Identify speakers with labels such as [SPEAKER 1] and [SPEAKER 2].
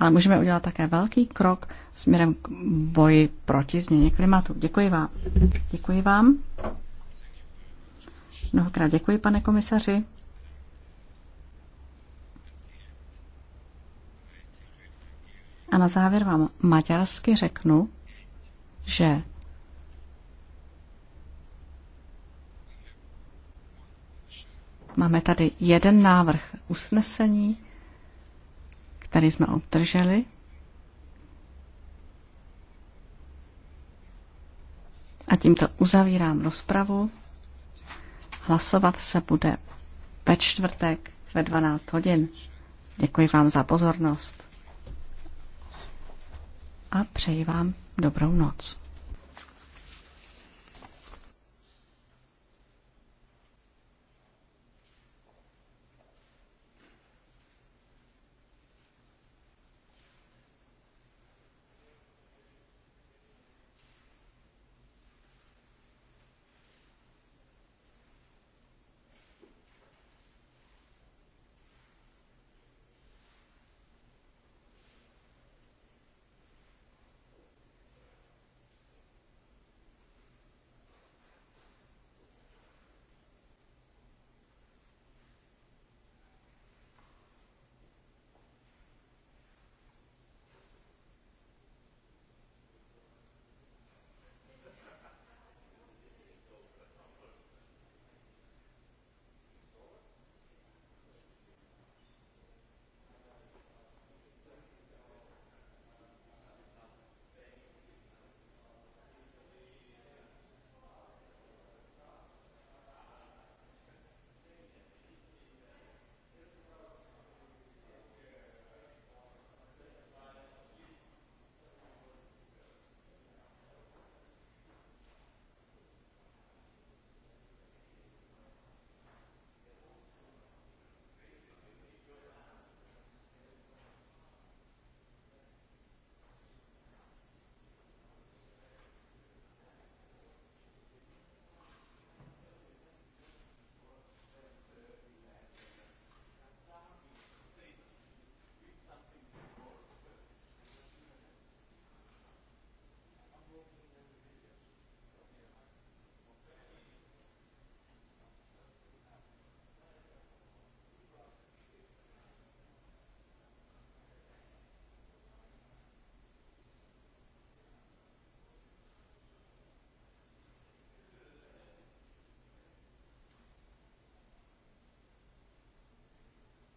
[SPEAKER 1] ale můžeme udělat také velký krok směrem k boji proti změně klimatu. Děkuji vám. Děkuji vám. Mnohokrát děkuji, pane
[SPEAKER 2] komisaři. A na závěr vám maďarsky řeknu, že
[SPEAKER 1] máme tady jeden návrh usnesení, který jsme obdrželi. A tímto uzavírám rozpravu. Hlasovat se bude ve čtvrtek ve 12 hodin. Děkuji vám za pozornost a přeji vám dobrou noc.